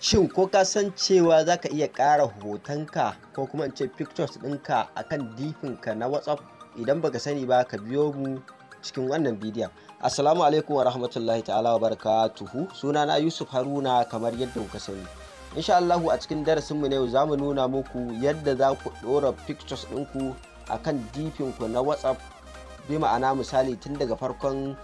shin ko ka san cewa za ka iya ƙara hotonka ko kuma in ce pictures ɗinka akan difinka na whatsapp idan baka sani ba ka biyo mu cikin wannan bidiyon assalamu alaikum wa rahmatullahi ta'ala wa barakatuhu suna na yusuf haruna kamar yadda kuka sani insha Allahu a cikin darasin mu na yau zamu nuna muku yadda za ku ɗora pictures ɗinku akan difinku na whatsapp bi ma'ana misali tun daga farkon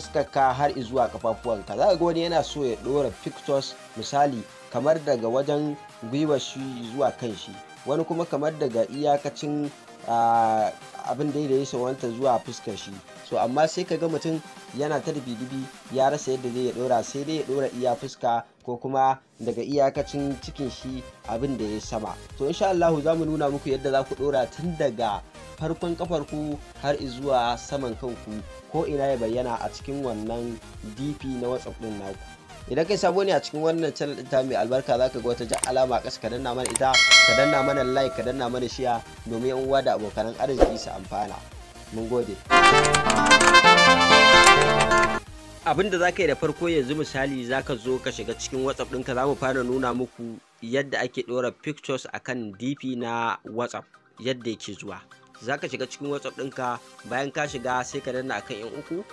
fuskarka har zuwa kafafuwanka za ga wani yana so ya ɗora pictures misali kamar daga wajen gwiwar shi zuwa kan shi wani kuma kamar daga iyakacin abin da ya wanta zuwa fuskar shi so amma sai ka ga mutum yana ta dibi ya rasa yadda zai ya dora sai dai ya dora iya fuska ko kuma daga iyakacin cikin shi abin da ya sama to insha Allah za mu nuna muku yadda za ku dora tun daga farkon kafarku har zuwa saman kanku ko ina ya bayyana a cikin wannan dp na whatsapp din naku idan kai sabo ne a cikin wannan channel ta mai albarka zaka ga wata ja alama ƙasa ka danna mana ita ka danna mana like ka danna mana shiya domin yan uwa da abokan arziki su amfana mun gode abin da za yi da farko yanzu misali zaka zo ka shiga cikin whatsapp ɗinka za mu fara nuna muku yadda ake ɗora pictures akan dp na whatsapp yadda yake zuwa za ka shiga cikin whatsapp ɗinka bayan ka shiga sai ka danna akan yan uku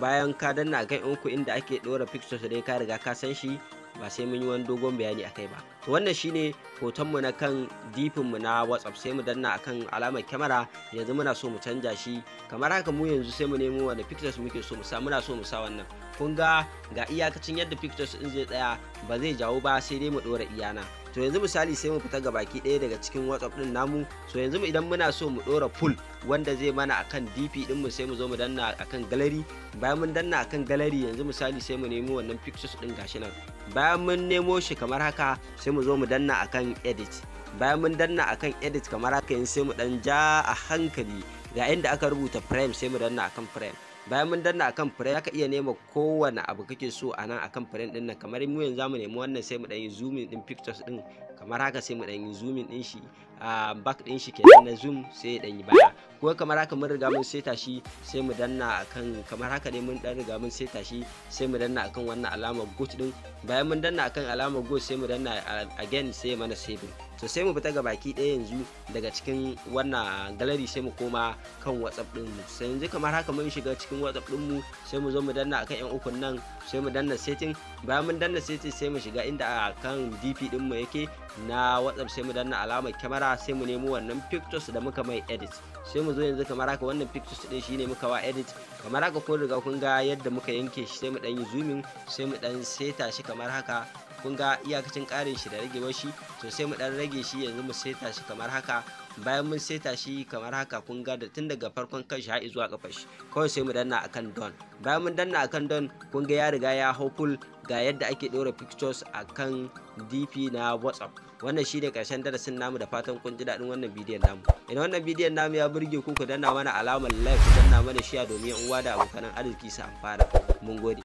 bayan ka danna akan yan uku inda ake ɗora pictures da ka riga ka san shi ba sai mun yi wani dogon bayani a kai ba to wannan shine hotonmu na kan mu na whatsapp sai mu danna akan alamar kyamara yanzu muna so mu canja shi kamar haka mu yanzu sai mu nemo wani pictures muke so mu sa muna so mu sa wannan kun ga ga iyakacin yadda pictures in zai tsaya ba zai jawo ba sai dai mu ɗora iyana to yanzu misali sai mu fita ga baki ɗaya daga cikin whatsapp din namu so yanzu idan muna so mu ɗora pool wanda zai mana akan dp din mu sai mu zo mu danna akan gallery bayan mun danna akan gallery yanzu misali sai mu nemi wannan pictures din gashi nan bayan mun nemo shi kamar haka sai mu zo mu danna akan edit bayan mun danna akan edit kamar haka yanzu sai mu dan ja a hankali ga inda aka rubuta frame sai mu danna akan frame bayan mun danna akan frame zaka iya nema kowane abu kake so a nan akan fure din nan kamar mu yanzu zamu nemi wannan sai mu dan yi zooming din pictures din kamar haka sai mu dan yi zooming din shi a back din shi kenan na zoom sai ya dan yi baya ko kamar haka mun riga mun seta shi sai mu danna akan kamar haka ne mun dan riga mun seta shi sai mu danna akan wannan alamar goat din bayan mun danna akan alamar goat sai mu danna again sai mana saving to sai mu fita ga baki ɗaya yanzu daga cikin wannan galari sai mu koma kan whatsapp din mu sai yanzu kamar haka mun shiga cikin whatsapp din mu sai mu zo mu danna akan yan ukun nan sai mu danna setting bayan mun danna setting sai mu shiga inda akan dp din mu yake na whatsapp sai mu danna alamar kyamara sai mu nemo wannan pictures da muka mai edit sai mu zo yanzu kamar haka wannan pictures din shine muka wa edit kamar haka ko riga kun ga yadda muka yanke shi sai mu dan yi zooming sai mu dan seta shi kamar haka kun ga iyakacin karin shi da rage shi to sai mu dan rage shi yanzu mu seta shi kamar haka bayan mun seta shi kamar haka kun ga da tun daga farkon kan shi har zuwa kafar shi kawai sai mu danna akan don bayan mun danna akan don kun ga ya riga ya hau full ga yadda ake ɗora pictures a kan dp na whatsapp wannan shine karshen darasin namu da fatan kun ji daɗin wannan bidiyon namu idan wannan bidiyon namu ya burge ku ku danna mana alamar like ku danna mana shiya domin uwa da abokan arziki su amfana mun gode